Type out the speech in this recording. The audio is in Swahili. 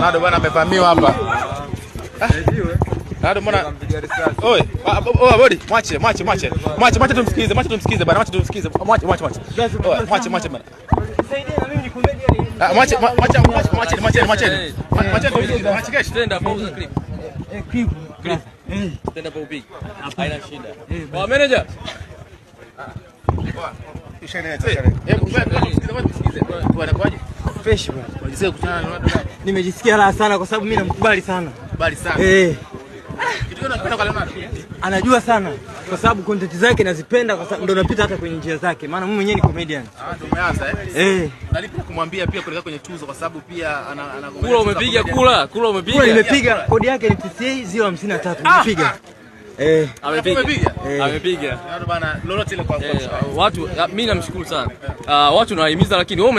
Nado bwana amevamiwa hapa. Ah. bodi, mwache, mwache, mwache. Mwache, mwache tumsikize, mwache tumsikize bwana, mwache tumsikize. Mwache, mwache, mwache. Mwache, mwache bwana. Eh, eh. Eh, manager. Ah. Eh, Nimejisikia raha sana kwa sababu mimi namkubali sana. Kubali sana. Eh. Anajua sana kwa sababu content zake nazipenda, kwa sababu ndo napita hata kwenye njia zake, maana mimi mwenyewe ni comedian. Ah, ndo umeanza eh? Eh. Nalipenda kumwambia pia kuelekea kwenye tuzo, kwa sababu pia ana kula. Umepiga kula? Kula umepiga? Kula nimepiga. Kodi yake ni TCA 053. Nimepiga. Eh. amepiga amepiga eh. Yaani eh, watu. Mimi namshukuru sana ah, watu nawahimiza, lakini